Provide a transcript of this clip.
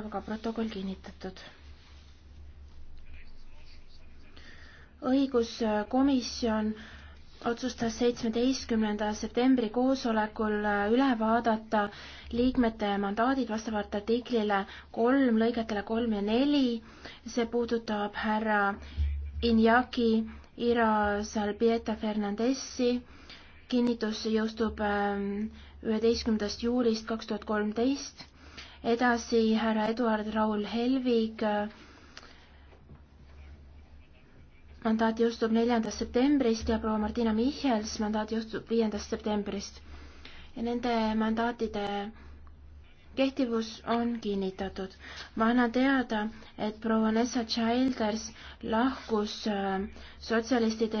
aga protokoll kinnitatud. õiguskomisjon otsustas seitsmeteistkümnenda septembri koosolekul äh, üle vaadata liikmete mandaadid vastavalt artiklile kolm, lõigetele kolm ja neli. see puudutab härra Iñaki Ira Salpieta Fernandesi. kinnitus jõustub ähm, üheteistkümnendast juulist kaks tuhat kolmteist edasi härra Eduard Raul Helvig. mandaat jõustub neljandast septembrist ja proua Martina Michals mandaat jõustub viiendast septembrist ja nende mandaatide kehtivus on kinnitatud. ma annan teada, et proua Nessa Childers lahkus äh, sotsialistide